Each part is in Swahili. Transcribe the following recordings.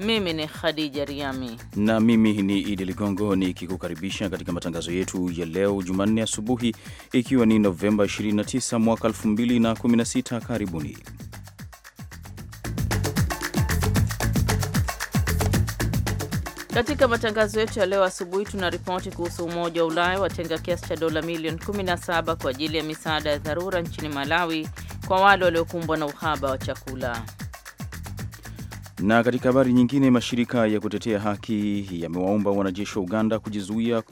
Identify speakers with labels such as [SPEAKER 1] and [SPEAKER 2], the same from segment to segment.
[SPEAKER 1] Mimi ni Khadija Riami
[SPEAKER 2] na mimi ni Idi Ligongo nikikukaribisha katika matangazo yetu ya leo Jumanne asubuhi, ikiwa ni Novemba 29 mwaka 2016. Karibuni.
[SPEAKER 1] Katika matangazo yetu ya leo asubuhi tuna ripoti kuhusu Umoja wa Ulaya watenga kiasi cha dola milioni 17 kwa ajili ya misaada ya dharura nchini Malawi kwa wale waliokumbwa na uhaba wa chakula.
[SPEAKER 2] Na katika habari nyingine, mashirika ya kutetea haki yamewaomba wanajeshi wa Uganda kujizuia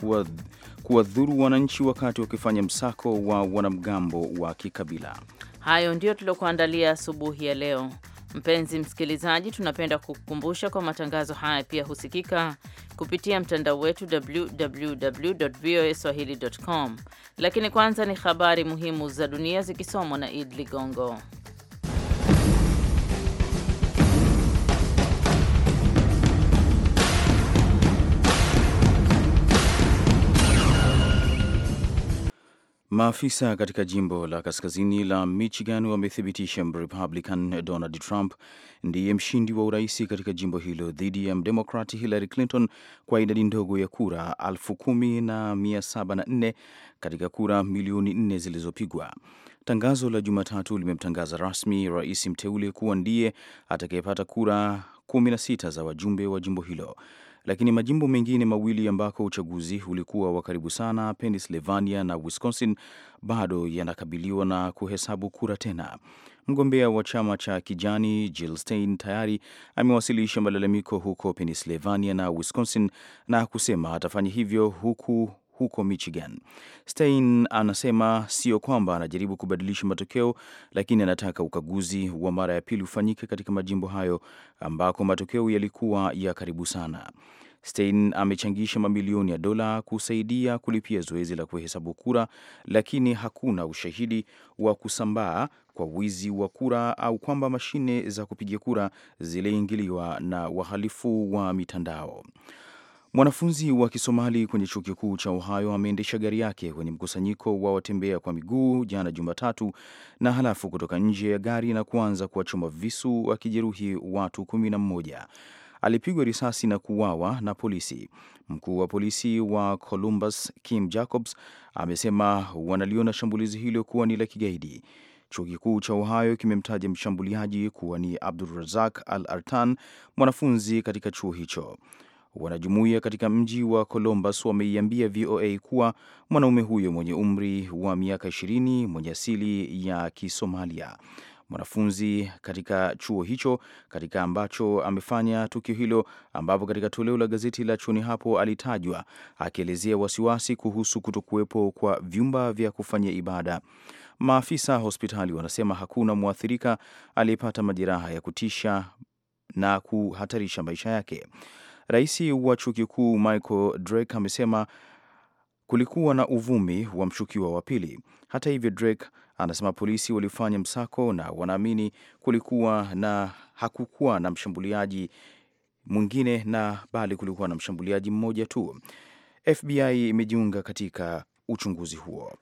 [SPEAKER 2] kuwadhuru wananchi wakati wakifanya msako wa wanamgambo wa kikabila.
[SPEAKER 1] Hayo ndiyo tuliokuandalia asubuhi ya leo. Mpenzi msikilizaji, tunapenda kukukumbusha kwa matangazo haya pia husikika kupitia mtandao wetu www.voaswahili.com. Lakini kwanza ni habari muhimu za dunia zikisomwa na Id Ligongo.
[SPEAKER 2] Maafisa katika jimbo la kaskazini la Michigan wamethibitisha Mrepublican Donald Trump ndiye mshindi wa uraisi katika jimbo hilo dhidi ya mdemokrat Hillary Clinton kwa idadi ndogo ya kura elfu na katika kura milioni nne zilizopigwa. Tangazo la Jumatatu limemtangaza rasmi rais mteule kuwa ndiye atakayepata kura 16 za wajumbe wa jimbo hilo lakini majimbo mengine mawili ambako uchaguzi ulikuwa wa karibu sana, Pennsylvania na Wisconsin, bado yanakabiliwa na kuhesabu kura tena. Mgombea wa chama cha kijani Jill Stein tayari amewasilisha malalamiko huko Pennsylvania na Wisconsin na kusema atafanya hivyo huku huko Michigan. Stein anasema sio kwamba anajaribu kubadilisha matokeo, lakini anataka ukaguzi wa mara ya pili ufanyike katika majimbo hayo ambako matokeo yalikuwa ya karibu sana. Stein amechangisha mamilioni ya dola kusaidia kulipia zoezi la kuhesabu kura, lakini hakuna ushahidi wa kusambaa kwa wizi wa kura au kwamba mashine za kupiga kura ziliingiliwa na wahalifu wa mitandao. Mwanafunzi wa Kisomali kwenye chuo kikuu cha Ohio ameendesha gari yake kwenye mkusanyiko wa watembea kwa miguu jana Jumatatu, na halafu kutoka nje ya gari na kuanza kuwachoma visu wakijeruhi watu kumi na mmoja. Alipigwa risasi na kuuawa na polisi. Mkuu wa polisi wa Columbus, Kim Jacobs, amesema wanaliona shambulizi hilo kuwa ni la kigaidi. Chuo kikuu cha Ohio kimemtaja mshambuliaji kuwa ni Abdul Razak Al Artan, mwanafunzi katika chuo hicho. Wanajumuiya katika mji wa Columbus wameiambia VOA kuwa mwanaume huyo mwenye umri wa miaka 20 mwenye asili ya Kisomalia mwanafunzi katika chuo hicho katika ambacho amefanya tukio hilo, ambapo katika toleo la gazeti la chuoni hapo alitajwa akielezea wasiwasi kuhusu kutokuwepo kwa vyumba vya kufanyia ibada. Maafisa hospitali wanasema hakuna mwathirika aliyepata majeraha ya kutisha na kuhatarisha maisha yake. Rais wa chuo kikuu Michael Drake amesema kulikuwa na uvumi wa mshukiwa wa pili. Hata hivyo, Drake anasema polisi walifanya msako na wanaamini kulikuwa na hakukuwa na mshambuliaji mwingine na bali kulikuwa na mshambuliaji mmoja tu. FBI imejiunga katika uchunguzi huo.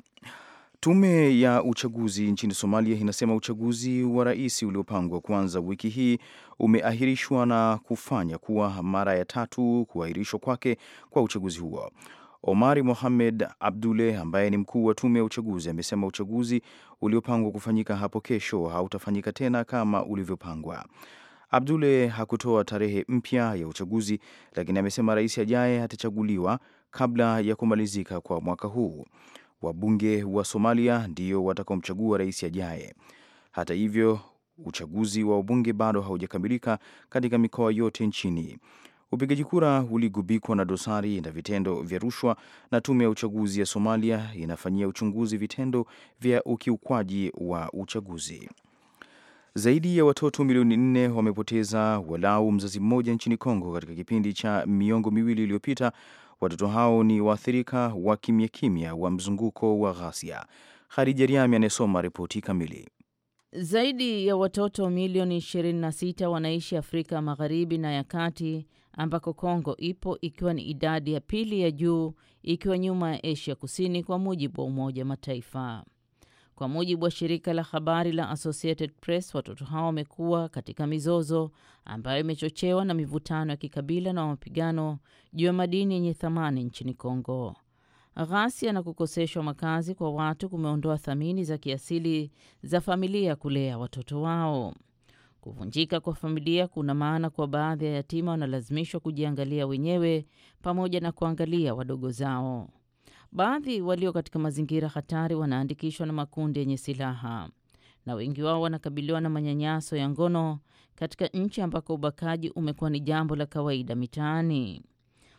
[SPEAKER 2] Tume ya uchaguzi nchini Somalia inasema uchaguzi wa rais uliopangwa kuanza wiki hii umeahirishwa na kufanya kuwa mara ya tatu kuahirishwa kwake kwa uchaguzi huo. Omari Mohamed Abdule ambaye ni mkuu wa tume ya uchaguzi amesema uchaguzi uliopangwa kufanyika hapo kesho hautafanyika tena kama ulivyopangwa. Abdule hakutoa tarehe mpya ya uchaguzi, lakini amesema rais ajaye atachaguliwa kabla ya kumalizika kwa mwaka huu. Wabunge wa Somalia ndio watakaomchagua rais ajaye. Hata hivyo, uchaguzi wa wabunge bado haujakamilika katika mikoa yote nchini. Upigaji kura uligubikwa na dosari na vitendo vya rushwa, na tume ya uchaguzi ya Somalia inafanyia uchunguzi vitendo vya ukiukwaji wa uchaguzi. Zaidi ya watoto milioni nne wamepoteza walau mzazi mmoja nchini Kongo katika kipindi cha miongo miwili iliyopita, Watoto hao ni waathirika wa kimya kimya wa mzunguko wa ghasia. Khadija Riami anayesoma ripoti kamili.
[SPEAKER 1] Zaidi ya watoto milioni 26 wanaishi Afrika Magharibi na ya Kati ambako Kongo ipo ikiwa ni idadi ya pili ya juu ikiwa nyuma ya Asia Kusini kwa mujibu wa Umoja Mataifa. Kwa mujibu wa shirika la habari la Associated Press, watoto hao wamekuwa katika mizozo ambayo imechochewa na mivutano ya kikabila na mapigano juu ya madini yenye thamani nchini Kongo. Ghasia na kukoseshwa makazi kwa watu kumeondoa thamani za kiasili za familia kulea watoto wao. Kuvunjika kwa familia kuna maana kwa baadhi ya yatima wanalazimishwa kujiangalia wenyewe pamoja na kuangalia wadogo zao. Baadhi walio katika mazingira hatari wanaandikishwa na makundi yenye silaha na wengi wao wanakabiliwa na manyanyaso ya ngono katika nchi ambako ubakaji umekuwa ni jambo la kawaida mitaani.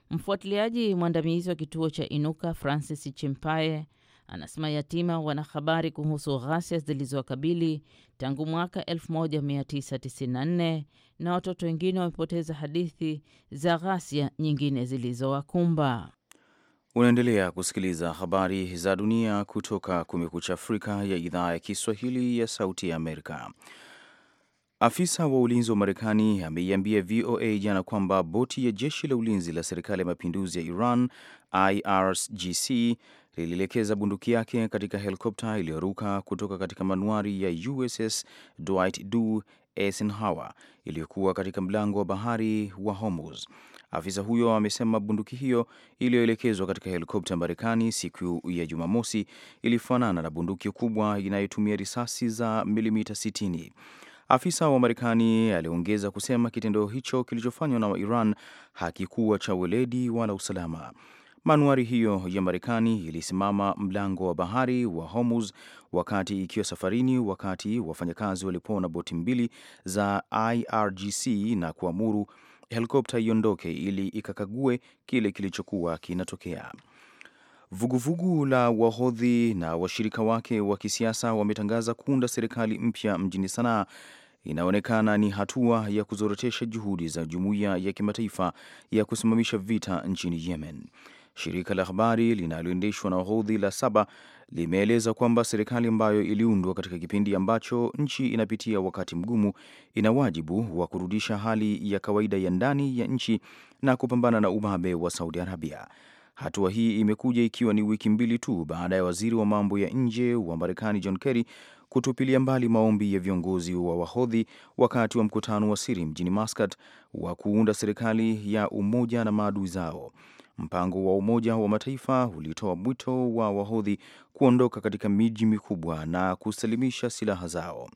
[SPEAKER 1] Mfuatiliaji mwandamizi wa kituo cha Inuka Francis chimpae anasema yatima wana habari kuhusu ghasia zilizowakabili tangu mwaka 1994 na watoto wengine wamepoteza hadithi za ghasia nyingine zilizowakumba.
[SPEAKER 2] Unaendelea kusikiliza habari za dunia kutoka Kumekucha Afrika ya idhaa ya Kiswahili ya Sauti ya Amerika. Afisa wa ulinzi wa Marekani ameiambia VOA jana kwamba boti ya jeshi la ulinzi la serikali ya mapinduzi ya Iran, IRGC, lilielekeza bunduki yake katika helikopta iliyoruka kutoka katika manuari ya USS Dwight D. Eisenhower iliyokuwa katika mlango wa bahari wa Hormuz. Afisa huyo amesema bunduki hiyo iliyoelekezwa katika helikopta Marekani siku ya Jumamosi ilifanana na bunduki kubwa inayotumia risasi za milimita 60. Afisa wa Marekani aliongeza kusema kitendo hicho kilichofanywa na Iran hakikuwa cha weledi wala usalama. Manuari hiyo ya Marekani ilisimama mlango wa bahari wa Hormuz wakati ikiwa safarini, wakati wafanyakazi walipoona boti mbili za IRGC na kuamuru helikopta iondoke ili ikakague kile kilichokuwa kinatokea. Vuguvugu la Wahodhi na washirika wake wa kisiasa wametangaza kuunda serikali mpya mjini Sanaa. Inaonekana ni hatua ya kuzorotesha juhudi za jumuiya ya kimataifa ya kusimamisha vita nchini Yemen. Shirika la habari linaloendeshwa na Wahodhi la Saba limeeleza kwamba serikali ambayo iliundwa katika kipindi ambacho nchi inapitia wakati mgumu ina wajibu wa kurudisha hali ya kawaida ya ndani ya nchi na kupambana na ubabe wa Saudi Arabia. Hatua hii imekuja ikiwa ni wiki mbili tu baada ya waziri wa mambo ya nje wa Marekani John Kerry kutupilia mbali maombi ya viongozi wa Wahodhi wakati wa mkutano wa siri mjini mascat wa kuunda serikali ya umoja na maadui zao. Mpango wa Umoja wa Mataifa ulitoa mwito wa wahodhi kuondoka katika miji mikubwa na kusalimisha silaha zao.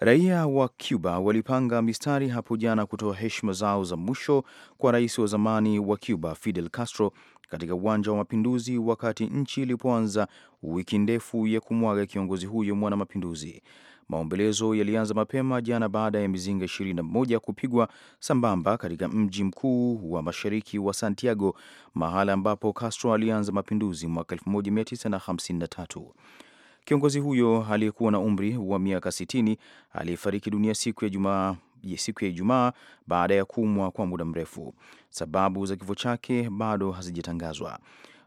[SPEAKER 2] Raia wa Cuba walipanga mistari hapo jana kutoa heshima zao za mwisho kwa rais wa zamani wa Cuba Fidel Castro katika uwanja wa mapinduzi, wakati nchi ilipoanza wiki ndefu ya kumwaga kiongozi huyo mwana mapinduzi. Maombolezo yalianza mapema jana baada ya mizinga 21 kupigwa sambamba katika mji mkuu wa mashariki wa Santiago, mahala ambapo Castro alianza mapinduzi mwaka 1953. Kiongozi huyo aliyekuwa na umri wa miaka 60 aliyefariki dunia siku ya Jumaa siku ya Ijumaa baada ya kuumwa kwa muda mrefu. Sababu za kifo chake bado hazijatangazwa.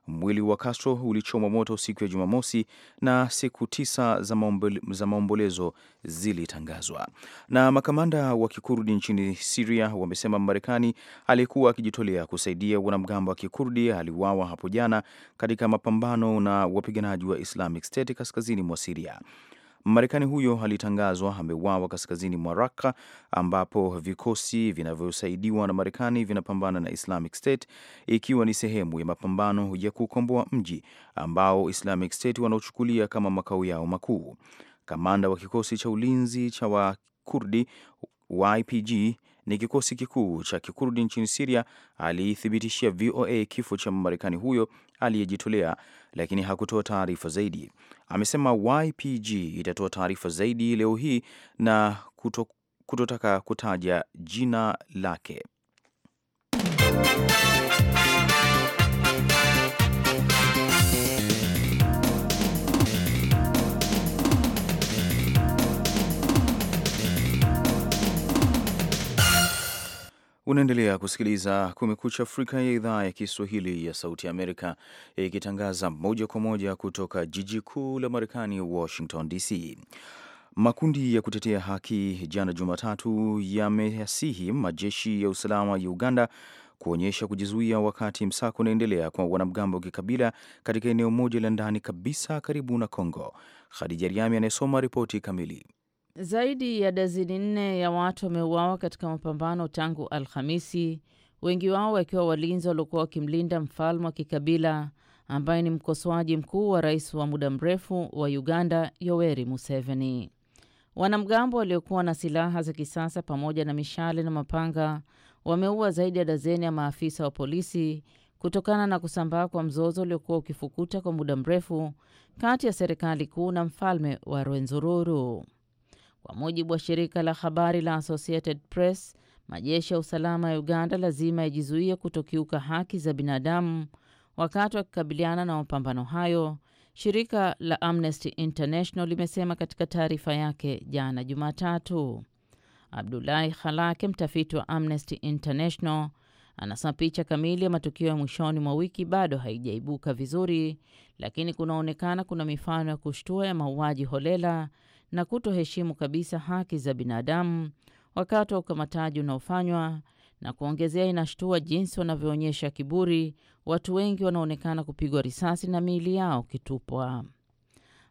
[SPEAKER 2] Mwili wa Castro ulichomwa moto siku ya Jumamosi na siku tisa za maombolezo zilitangazwa. Na makamanda wa kikurdi nchini Siria wamesema Marekani aliyekuwa akijitolea kusaidia wanamgambo wa kikurdi aliuawa hapo jana katika mapambano na wapiganaji wa Islamic State kaskazini mwa Siria. Marekani huyo alitangazwa ameuawa kaskazini mwa raka ambapo vikosi vinavyosaidiwa na Marekani vinapambana na Islamic State, ikiwa ni sehemu ya mapambano ya kukomboa mji ambao Islamic State wanaochukulia kama makao yao makuu. Kamanda wa kikosi cha ulinzi cha Wakurdi YPG ni kikosi kikuu cha kikurdi nchini Siria, aliithibitishia VOA kifo cha marekani huyo aliyejitolea, lakini hakutoa taarifa zaidi. Amesema YPG itatoa taarifa zaidi leo hii na kuto, kutotaka kutaja jina lake. Unaendelea kusikiliza Kumekucha Afrika ya idhaa ya Kiswahili ya Sauti Amerika ikitangaza moja kwa moja kutoka jiji kuu la Marekani, Washington DC. Makundi ya kutetea haki jana Jumatatu yameyasihi majeshi ya usalama ya Uganda kuonyesha kujizuia wakati msako unaendelea kwa wanamgambo wa kikabila katika eneo moja la ndani kabisa karibu na congo Khadija Riami anayesoma ripoti kamili.
[SPEAKER 1] Zaidi ya dazini nne ya watu wameuawa katika mapambano tangu Alhamisi, wengi wao wakiwa walinzi waliokuwa wakimlinda mfalme wa kikabila ambaye ni mkosoaji mkuu wa rais wa muda mrefu wa Uganda Yoweri Museveni. Wanamgambo waliokuwa na silaha za kisasa pamoja na mishale na mapanga wameua zaidi ya dazeni ya maafisa wa polisi kutokana na kusambaa kwa mzozo uliokuwa ukifukuta kwa muda mrefu kati ya serikali kuu na mfalme wa Rwenzururu. Kwa mujibu wa shirika la habari la Associated Press, majeshi ya usalama ya Uganda lazima yajizuie kutokiuka haki za binadamu wakati wakikabiliana na mapambano hayo, shirika la Amnesty International limesema katika taarifa yake jana Jumatatu. Abdulahi Khalake, mtafiti wa Amnesty International, anasema picha kamili ya matukio ya mwishoni mwa wiki bado haijaibuka vizuri, lakini kunaonekana kuna mifano ya kushtua ya mauaji holela na kutoheshimu kabisa haki za binadamu wakati wa ukamataji unaofanywa na kuongezea, inashtua jinsi wanavyoonyesha kiburi. Watu wengi wanaonekana kupigwa risasi na miili yao kitupwa.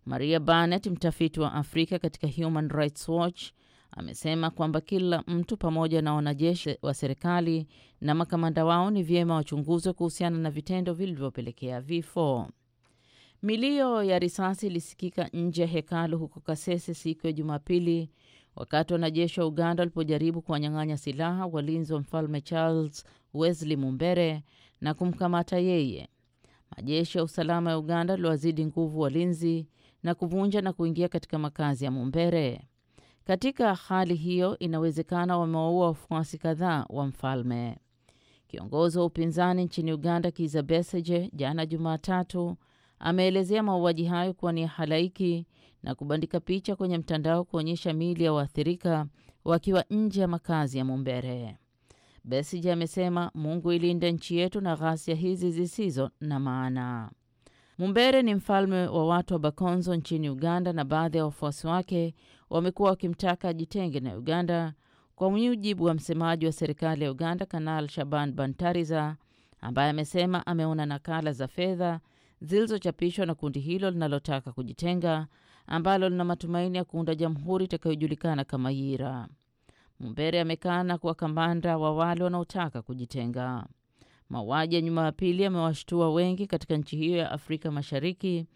[SPEAKER 1] Maria Barnett, mtafiti wa Afrika katika Human Rights Watch, amesema kwamba kila mtu pamoja na wanajeshi wa serikali na makamanda wao ni vyema wachunguzwe kuhusiana na vitendo vilivyopelekea vifo. Milio ya risasi ilisikika nje ya hekalu huko Kasese siku ya Jumapili wakati wanajeshi wa Uganda walipojaribu kuwanyang'anya silaha walinzi wa mfalme Charles Wesley Mumbere na kumkamata yeye. Majeshi ya usalama ya Uganda aliwazidi nguvu walinzi na kuvunja na kuingia katika makazi ya Mumbere. Katika hali hiyo, inawezekana wamewaua wafuasi kadhaa wa mfalme. Kiongozi wa upinzani nchini Uganda Kizza Besigye jana Jumatatu ameelezea mauaji hayo kuwa ni halaiki na kubandika picha kwenye mtandao kuonyesha miili ya waathirika wakiwa nje ya makazi ya Mumbere. Besigye amesema Mungu ilinde nchi yetu na ghasia hizi zisizo na maana. Mumbere ni mfalme wa watu wa Bakonzo nchini Uganda, na baadhi ya wafuasi wake wamekuwa wakimtaka ajitenge na Uganda, kwa mujibu wa msemaji wa serikali ya Uganda, Kanal Shaban Bantariza, ambaye amesema ameona nakala za fedha zilizochapishwa na kundi hilo linalotaka kujitenga ambalo lina matumaini ya kuunda jamhuri itakayojulikana kama Yira. Mumbere amekana kuwa kamanda wa wale wanaotaka kujitenga. Mauaji ya pili yamewashtua wengi katika nchi hiyo ya Afrika Mashariki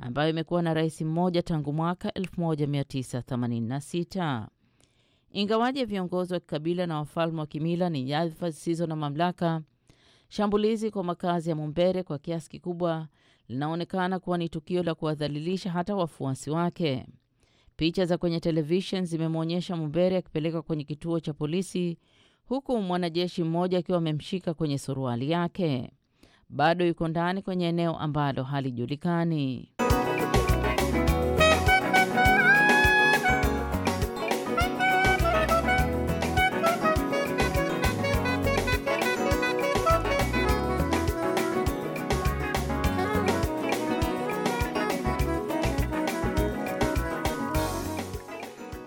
[SPEAKER 1] ambayo imekuwa na rais mmoja tangu mwaka 1986. Ingawaji ya viongozi wa kikabila na wafalme wa kimila ni nyadhifa zisizo na mamlaka, shambulizi kwa makazi ya Mumbere kwa kiasi kikubwa linaonekana kuwa ni tukio la kuwadhalilisha hata wafuasi wake. Picha za kwenye televishen zimemwonyesha Mumbere akipelekwa kwenye kituo cha polisi huku mwanajeshi mmoja akiwa amemshika kwenye suruali yake. Bado yuko ndani kwenye eneo ambalo halijulikani.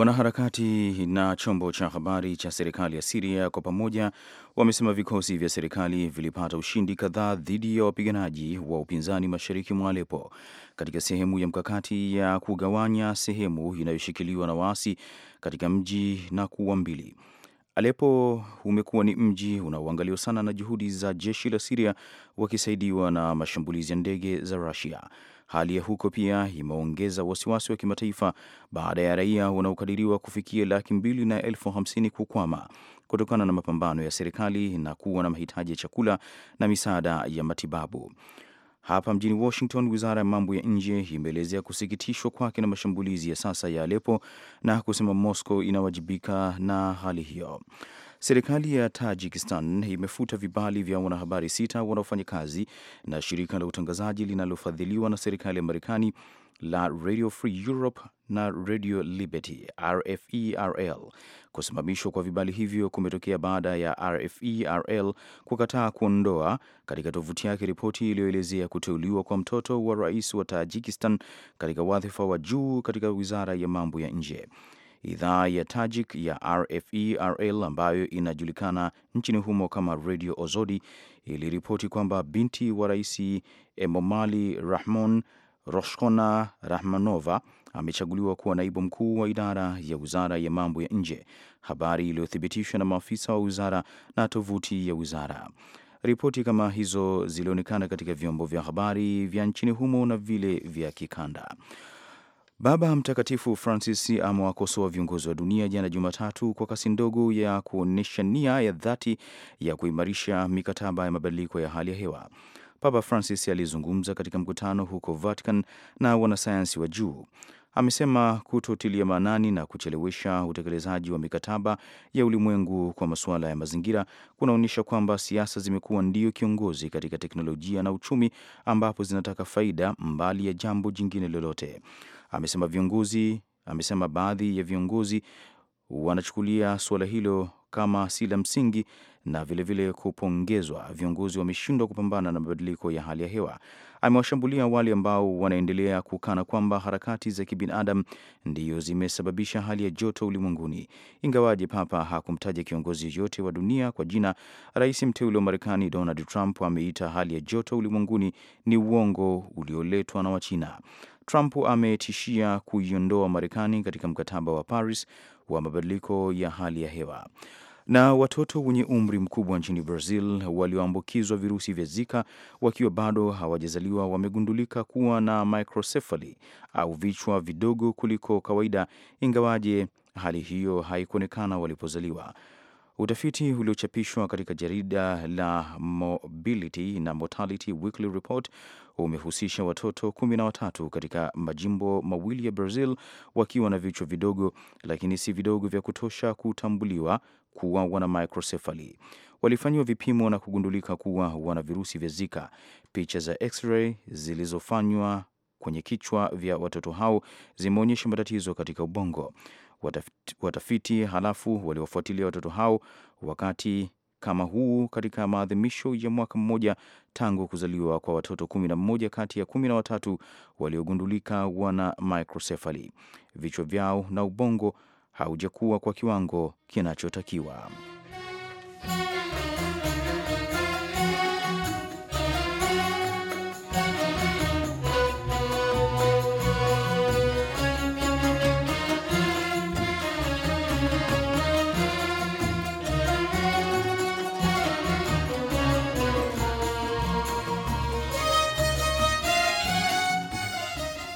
[SPEAKER 2] Wanaharakati na chombo cha habari cha serikali ya Siria kwa pamoja wamesema vikosi vya serikali vilipata ushindi kadhaa dhidi ya wapiganaji wa upinzani mashariki mwa Alepo katika sehemu ya mkakati ya kugawanya sehemu inayoshikiliwa na waasi katika mji na kuwa mbili. Alepo umekuwa ni mji unaoangaliwa sana na juhudi za jeshi la Siria wakisaidiwa na mashambulizi ya ndege za Rusia. Hali ya huko pia imeongeza wasiwasi wa kimataifa baada ya raia wanaokadiriwa kufikia laki mbili na elfu hamsini kukwama kutokana na mapambano ya serikali na kuwa na mahitaji ya chakula na misaada ya matibabu. Hapa mjini Washington, wizara ya mambo ya nje imeelezea kusikitishwa kwake na mashambulizi ya sasa ya Alepo na kusema Moscow inawajibika na hali hiyo. Serikali ya Tajikistan imefuta vibali vya wanahabari sita wanaofanya kazi na shirika la utangazaji linalofadhiliwa na serikali ya Marekani la Radio Free Europe na Radio Liberty RFERL. Kusimamishwa kwa vibali hivyo kumetokea baada ya RFERL kukataa kuondoa katika tovuti yake ripoti iliyoelezea kuteuliwa kwa mtoto wa rais wa Tajikistan katika wadhifa wa juu katika wizara ya mambo ya nje idhaa ya Tajik ya RFE RL ambayo inajulikana nchini humo kama Radio Ozodi iliripoti kwamba binti wa Rais Emomali Rahmon Roshkona Rahmanova amechaguliwa kuwa naibu mkuu wa idara ya wizara ya mambo ya nje, habari iliyothibitishwa na maafisa wa wizara na tovuti ya wizara. Ripoti kama hizo zilionekana katika vyombo vya habari vya nchini humo na vile vya kikanda. Baba Mtakatifu Francis amewakosoa viongozi wa dunia jana Jumatatu kwa kasi ndogo ya kuonyesha nia ya dhati ya kuimarisha mikataba ya mabadiliko ya hali ya hewa. Papa Francis alizungumza katika mkutano huko Vatican na wanasayansi wa juu. Amesema kutotilia maanani na kuchelewesha utekelezaji wa mikataba ya ulimwengu kwa masuala ya mazingira kunaonyesha kwamba siasa zimekuwa ndio kiongozi katika teknolojia na uchumi, ambapo zinataka faida mbali ya jambo jingine lolote. Amesema viongozi amesema baadhi ya viongozi wanachukulia suala hilo kama si la msingi na vilevile vile kupongezwa viongozi wameshindwa kupambana na mabadiliko ya hali ya hewa. Amewashambulia wale ambao wanaendelea kukana kwamba harakati za kibinadamu ndiyo zimesababisha hali ya joto ulimwenguni. Ingawaje Papa hakumtaja kiongozi yoyote wa dunia kwa jina, rais mteule wa Marekani Donald Trump ameita hali ya joto ulimwenguni ni uongo ulioletwa na Wachina. Trump ametishia kuiondoa Marekani katika mkataba wa Paris wa mabadiliko ya hali ya hewa. Na watoto wenye umri mkubwa nchini Brazil walioambukizwa virusi vya Zika wakiwa bado hawajazaliwa wamegundulika kuwa na microcephaly au vichwa vidogo kuliko kawaida, ingawaje hali hiyo haikuonekana walipozaliwa. Utafiti uliochapishwa katika jarida la Mobility na Mortality Weekly Report umehusisha watoto kumi na watatu katika majimbo mawili ya Brazil wakiwa na vichwa vidogo, lakini si vidogo vya kutosha kutambuliwa kuwa wana microcephaly. Walifanyiwa vipimo na kugundulika kuwa wana virusi vya Zika. Picha za x-ray zilizofanywa kwenye kichwa vya watoto hao zimeonyesha matatizo katika ubongo watafiti halafu waliwafuatilia watoto hao wakati kama huu katika maadhimisho ya mwaka mmoja tangu kuzaliwa kwa watoto kumi na mmoja kati ya kumi na watatu waliogundulika wana microcephaly. Vichwa vyao na ubongo haujakuwa kwa kiwango kinachotakiwa.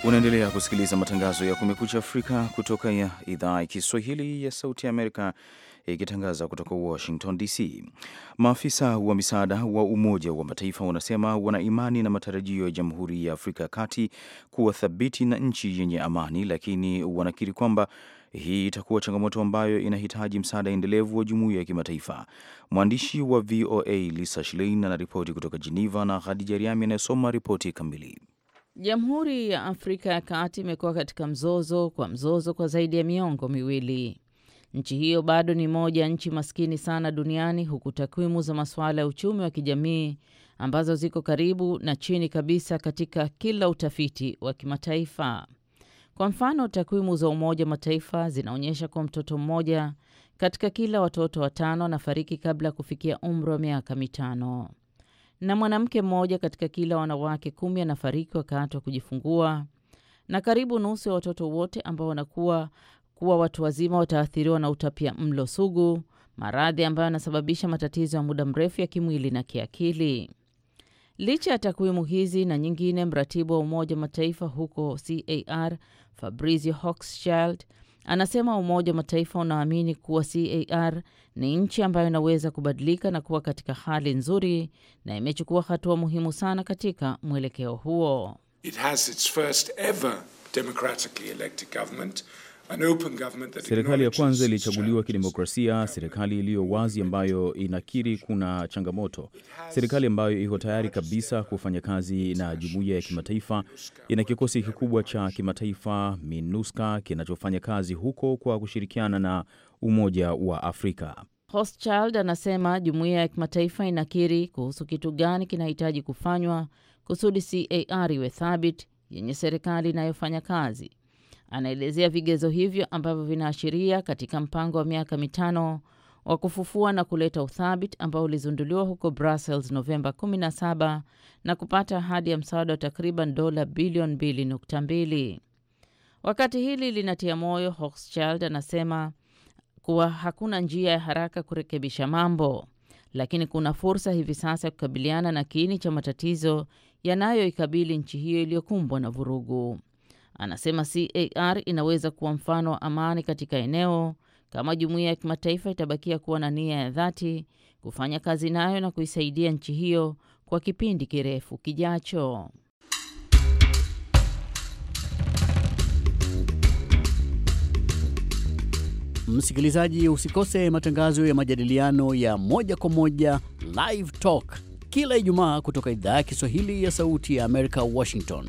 [SPEAKER 2] Unaendelea kusikiliza matangazo ya Kumekucha Afrika kutoka ya idhaa ya Kiswahili ya Sauti ya Amerika ikitangaza kutoka Washington DC. Maafisa wa misaada wa Umoja wa Mataifa wanasema wana imani na matarajio ya Jamhuri ya Afrika ya Kati kuwa thabiti na nchi yenye amani, lakini wanakiri kwamba hii itakuwa changamoto ambayo inahitaji msaada endelevu wa jumuiya ya kimataifa. Mwandishi wa VOA Lisa Schlein anaripoti kutoka Geneva na Khadija Riami anayesoma ripoti kamili.
[SPEAKER 1] Jamhuri ya Afrika ya Kati imekuwa katika mzozo kwa mzozo kwa zaidi ya miongo miwili. Nchi hiyo bado ni moja ya nchi maskini sana duniani, huku takwimu za masuala ya uchumi wa kijamii ambazo ziko karibu na chini kabisa katika kila utafiti wa kimataifa. Kwa mfano, takwimu za Umoja wa Mataifa zinaonyesha kuwa mtoto mmoja katika kila watoto watano anafariki kabla ya kufikia umri wa miaka mitano na mwanamke mmoja katika kila wanawake kumi anafariki wakati wa kujifungua, na karibu nusu ya watoto wote ambao wanakuwa kuwa watu wazima wataathiriwa na utapia mlo sugu, maradhi ambayo yanasababisha matatizo ya muda mrefu ya kimwili na kiakili. Licha ya takwimu hizi na nyingine, mratibu wa Umoja wa Mataifa huko CAR Fabrizio Hochschild Anasema Umoja wa Mataifa unaamini kuwa CAR ni nchi ambayo inaweza kubadilika na kuwa katika hali nzuri na imechukua hatua muhimu sana katika mwelekeo huo.
[SPEAKER 3] It has its first ever democratically elected government Serikali
[SPEAKER 2] ya kwanza ilichaguliwa kidemokrasia, serikali iliyo wazi ambayo inakiri kuna changamoto, serikali ambayo iko tayari kabisa kufanya kazi na jumuiya ya kimataifa. Ina kikosi kikubwa cha kimataifa MINUSCA kinachofanya kazi huko kwa kushirikiana na Umoja wa Afrika.
[SPEAKER 1] Hochschild anasema jumuiya ya kimataifa inakiri kuhusu kitu gani kinahitaji kufanywa kusudi CAR iwe thabiti yenye serikali inayofanya kazi Anaelezea vigezo hivyo ambavyo vinaashiria katika mpango wa miaka mitano wa kufufua na kuleta uthabiti ambao ulizunduliwa huko Brussels Novemba 17 na kupata ahadi ya msaada wa takriban dola bilioni 2.2. Wakati hili linatia moyo, Hochschild anasema kuwa hakuna njia ya haraka kurekebisha mambo, lakini kuna fursa hivi sasa ya kukabiliana na kiini cha matatizo yanayoikabili nchi hiyo iliyokumbwa na vurugu. Anasema CAR inaweza kuwa mfano wa amani katika eneo kama jumuiya ya kimataifa itabakia kuwa na nia ya dhati kufanya kazi nayo na kuisaidia nchi hiyo kwa kipindi kirefu kijacho.
[SPEAKER 3] Msikilizaji, usikose matangazo ya majadiliano ya moja kwa moja Live Talk kila Ijumaa kutoka idhaa ya Kiswahili ya Sauti ya Amerika, Washington.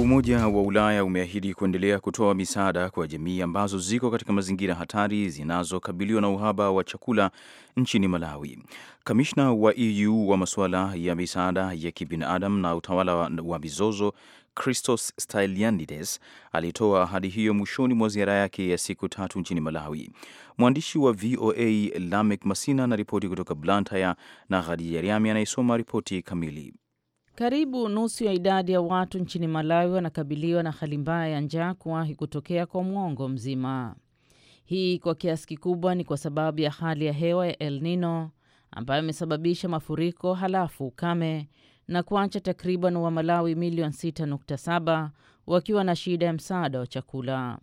[SPEAKER 2] Umoja wa Ulaya umeahidi kuendelea kutoa misaada kwa jamii ambazo ziko katika mazingira hatari zinazokabiliwa na uhaba wa chakula nchini Malawi. Kamishna wa EU wa masuala ya misaada ya kibinadamu na utawala wa mizozo Christos Stylianides alitoa ahadi hiyo mwishoni mwa ziara yake ya siku tatu nchini Malawi. Mwandishi wa VOA Lamek Masina anaripoti kutoka Blantyre na Khadija Riami anayesoma ripoti kamili.
[SPEAKER 1] Karibu nusu ya idadi ya watu nchini Malawi wanakabiliwa na hali mbaya ya njaa kuwahi kutokea kwa mwongo mzima. Hii kwa kiasi kikubwa ni kwa sababu ya hali ya hewa ya El Nino ambayo imesababisha mafuriko halafu ukame na kuacha takriban wa Malawi milioni 6.7 wakiwa na shida ya msaada wa chakula.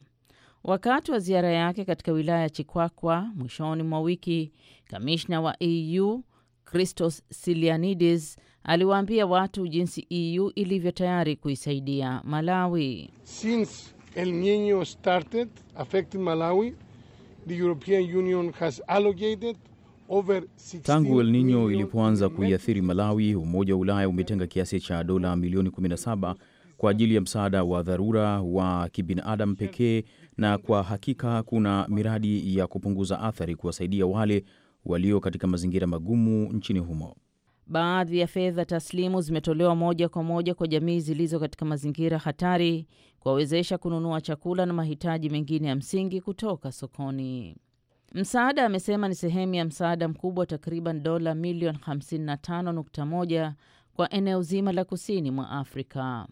[SPEAKER 1] Wakati wa ziara yake katika wilaya ya Chikwakwa mwishoni mwa wiki, kamishna wa EU Christos Silianidis aliwaambia watu jinsi EU ilivyo tayari kuisaidia Malawi. Since El
[SPEAKER 3] Nino started affecting Malawi, the European Union has allocated Tangu El
[SPEAKER 2] Nino ilipoanza kuiathiri Malawi, Umoja wa Ulaya umetenga kiasi cha dola milioni 17 kwa ajili ya msaada wa dharura wa kibinadamu pekee, na kwa hakika kuna miradi ya kupunguza athari kuwasaidia wale walio katika mazingira magumu nchini humo.
[SPEAKER 1] Baadhi ya fedha taslimu zimetolewa moja kwa moja kwa jamii zilizo katika mazingira hatari kuwawezesha kununua chakula na mahitaji mengine ya msingi kutoka sokoni. Msaada amesema ni sehemu ya msaada mkubwa takriban dola milioni 55.1 kwa eneo zima la kusini mwa Afrika.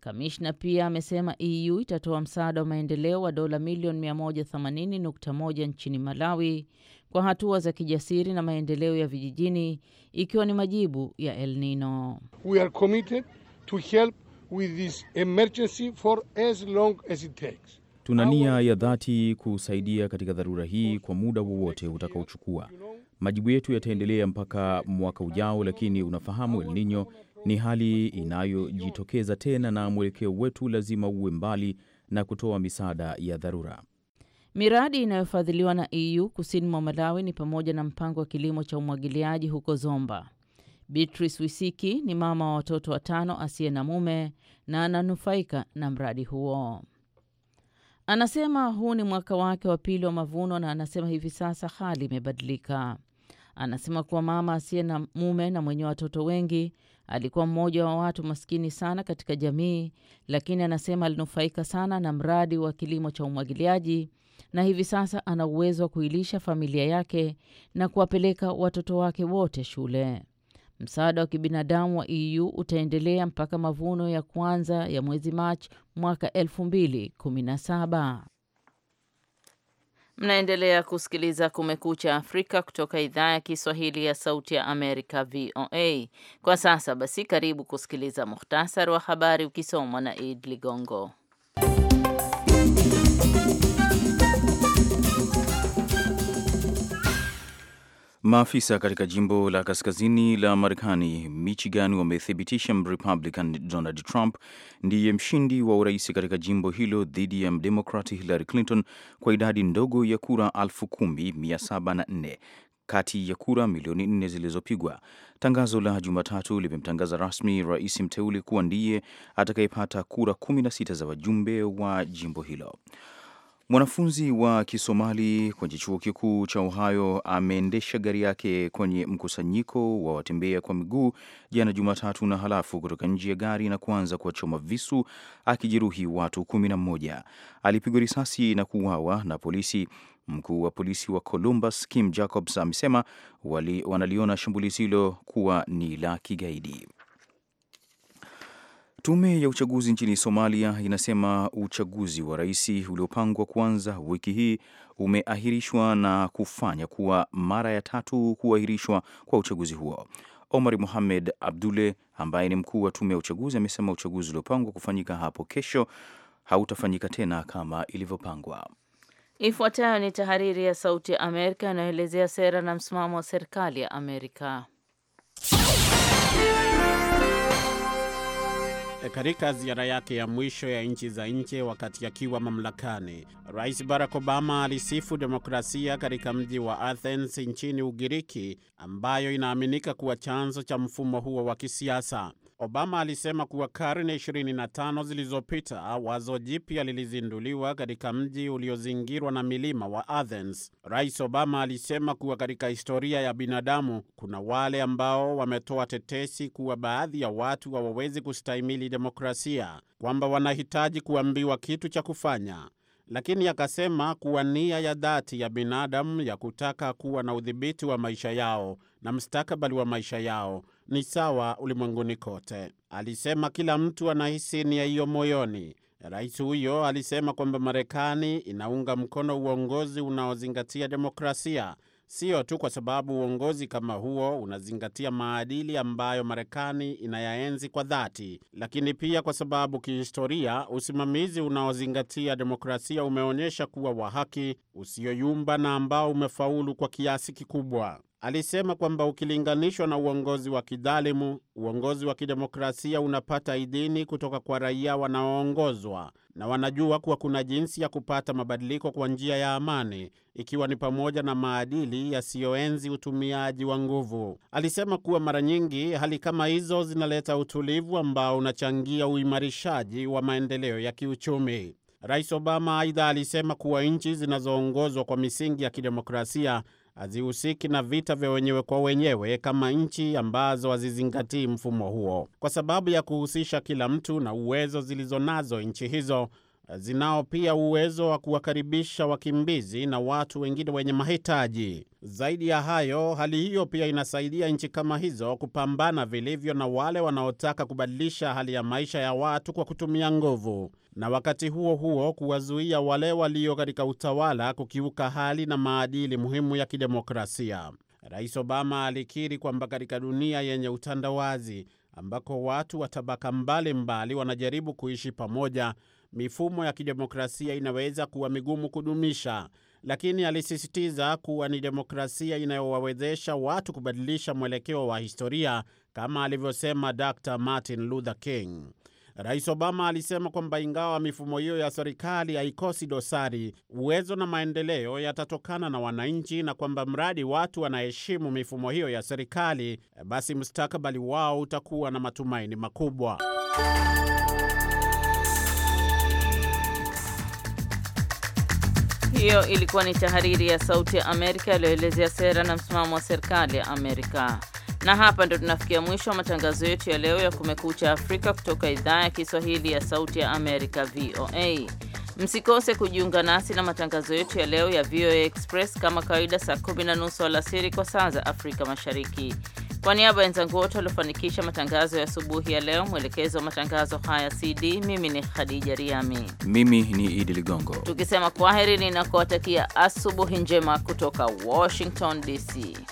[SPEAKER 1] Kamishna pia amesema EU itatoa msaada wa maendeleo wa dola milioni 180.1 nchini Malawi kwa hatua za kijasiri na maendeleo ya vijijini ikiwa ni majibu ya El Nino.
[SPEAKER 3] We are committed to help with this emergency for as long as it takes.
[SPEAKER 2] Tuna nia ya dhati kusaidia katika dharura hii kwa muda wowote utakaochukua. Majibu yetu yataendelea mpaka mwaka ujao, lakini unafahamu El Nino ni hali inayojitokeza tena, na mwelekeo wetu lazima uwe mbali na kutoa misaada ya dharura.
[SPEAKER 1] Miradi inayofadhiliwa na EU kusini mwa Malawi ni pamoja na mpango wa kilimo cha umwagiliaji huko Zomba. Beatrice Wisiki ni mama wa watoto watano asiye na mume na ananufaika na mradi huo. Anasema huu ni mwaka wake wa pili wa mavuno na anasema hivi sasa hali imebadilika. Anasema kuwa mama asiye na mume na mwenye watoto wengi alikuwa mmoja wa watu maskini sana katika jamii, lakini anasema alinufaika sana na mradi wa kilimo cha umwagiliaji na hivi sasa ana uwezo wa kuilisha familia yake na kuwapeleka watoto wake wote shule. Msaada wa kibinadamu wa EU utaendelea mpaka mavuno ya kwanza ya mwezi Machi mwaka 2017. Mnaendelea kusikiliza Kumekucha Afrika kutoka idhaa ya Kiswahili ya Sauti ya Amerika, VOA. Kwa sasa basi, karibu kusikiliza muhtasari wa habari ukisomwa na Id Ligongo.
[SPEAKER 2] Maafisa katika jimbo la kaskazini la Marekani, Michigan, wamethibitisha Mrepublican Donald Trump ndiye mshindi wa urais katika jimbo hilo dhidi ya Mdemokrati Hillary Clinton kwa idadi ndogo ya kura 10704 kati ya kura milioni nne zilizopigwa. Tangazo la Jumatatu limemtangaza rasmi rais mteule kuwa ndiye atakayepata kura 16 za wajumbe wa jimbo hilo. Mwanafunzi wa Kisomali kwenye chuo kikuu cha Ohio ameendesha gari yake kwenye mkusanyiko wa watembea kwa miguu jana Jumatatu na halafu kutoka nje ya gari na kuanza kuwachoma visu akijeruhi watu kumi na mmoja. Alipigwa risasi na kuuawa na polisi. Mkuu wa polisi wa Columbus Kim Jacobs amesema wanaliona shambulizi hilo kuwa ni la kigaidi. Tume ya uchaguzi nchini Somalia inasema uchaguzi wa rais uliopangwa kuanza wiki hii umeahirishwa na kufanya kuwa mara ya tatu kuahirishwa kwa uchaguzi huo. Omar Mohamed Abdule ambaye ni mkuu wa tume ya uchaguzi amesema uchaguzi uliopangwa kufanyika hapo kesho hautafanyika tena kama ilivyopangwa.
[SPEAKER 1] Ifuatayo ni tahariri ya Sauti ya Amerika inayoelezea sera na msimamo wa serikali ya Amerika.
[SPEAKER 3] Eh, katika ziara yake ya mwisho ya nchi za nje wakati akiwa mamlakani, Rais Barack Obama alisifu demokrasia katika mji wa Athens nchini Ugiriki, ambayo inaaminika kuwa chanzo cha mfumo huo wa kisiasa. Obama alisema kuwa karne 25 zilizopita wazo jipya lilizinduliwa katika mji uliozingirwa na milima wa Athens. Rais Obama alisema kuwa katika historia ya binadamu kuna wale ambao wametoa tetesi kuwa baadhi ya watu hawawezi kustahimili demokrasia, kwamba wanahitaji kuambiwa kitu cha kufanya lakini akasema kuwa nia ya dhati ya binadamu ya kutaka kuwa na udhibiti wa maisha yao na mstakabali wa maisha yao ni sawa ulimwenguni kote. Alisema kila mtu anahisi nia hiyo moyoni. Rais huyo alisema kwamba Marekani inaunga mkono uongozi unaozingatia demokrasia, sio tu kwa sababu uongozi kama huo unazingatia maadili ambayo Marekani inayaenzi kwa dhati, lakini pia kwa sababu kihistoria, usimamizi unaozingatia demokrasia umeonyesha kuwa wa haki, usioyumba na ambao umefaulu kwa kiasi kikubwa alisema kwamba ukilinganishwa na uongozi wa kidhalimu, uongozi wa kidemokrasia unapata idhini kutoka kwa raia wanaoongozwa na wanajua kuwa kuna jinsi ya kupata mabadiliko kwa njia ya amani, ikiwa ni pamoja na maadili yasiyoenzi utumiaji wa nguvu. Alisema kuwa mara nyingi hali kama hizo zinaleta utulivu ambao unachangia uimarishaji wa maendeleo ya kiuchumi. Rais Obama aidha alisema kuwa nchi zinazoongozwa kwa misingi ya kidemokrasia hazihusiki na vita vya wenyewe kwa wenyewe kama nchi ambazo hazizingatii mfumo huo. Kwa sababu ya kuhusisha kila mtu na uwezo zilizo nazo nchi hizo, zinao pia uwezo wa kuwakaribisha wakimbizi na watu wengine wenye mahitaji. Zaidi ya hayo, hali hiyo pia inasaidia nchi kama hizo kupambana vilivyo na wale wanaotaka kubadilisha hali ya maisha ya watu kwa kutumia nguvu na wakati huo huo kuwazuia wale walio katika utawala kukiuka hali na maadili muhimu ya kidemokrasia. Rais Obama alikiri kwamba katika dunia yenye utandawazi ambako watu wa tabaka mbalimbali wanajaribu kuishi pamoja, mifumo ya kidemokrasia inaweza kuwa migumu kudumisha, lakini alisisitiza kuwa ni demokrasia inayowawezesha watu kubadilisha mwelekeo wa historia kama alivyosema Dr. Martin Luther King. Rais Obama alisema kwamba ingawa mifumo hiyo ya serikali haikosi dosari, uwezo na maendeleo yatatokana na wananchi, na kwamba mradi watu wanaheshimu mifumo hiyo ya serikali, basi mustakabali wao utakuwa na matumaini
[SPEAKER 1] makubwa. Hiyo ilikuwa ni tahariri ya Sauti ya Amerika iliyoelezea sera na msimamo wa serikali ya Amerika. Na hapa ndo tunafikia mwisho wa matangazo yetu ya leo ya Kumekucha Afrika kutoka idhaa ya Kiswahili ya Sauti ya Amerika, VOA. Msikose kujiunga nasi na matangazo yetu ya leo ya VOA Express kama kawaida, saa kumi na nusu alasiri kwa saa za Afrika Mashariki. Kwa niaba ya wenzangu wote waliofanikisha matangazo ya asubuhi ya leo, mwelekezo wa matangazo haya CD, mimi ni Khadija Riami,
[SPEAKER 2] mimi ni Idi Ligongo,
[SPEAKER 1] tukisema kwaheri ninakuwatakia asubuhi njema kutoka Washington DC.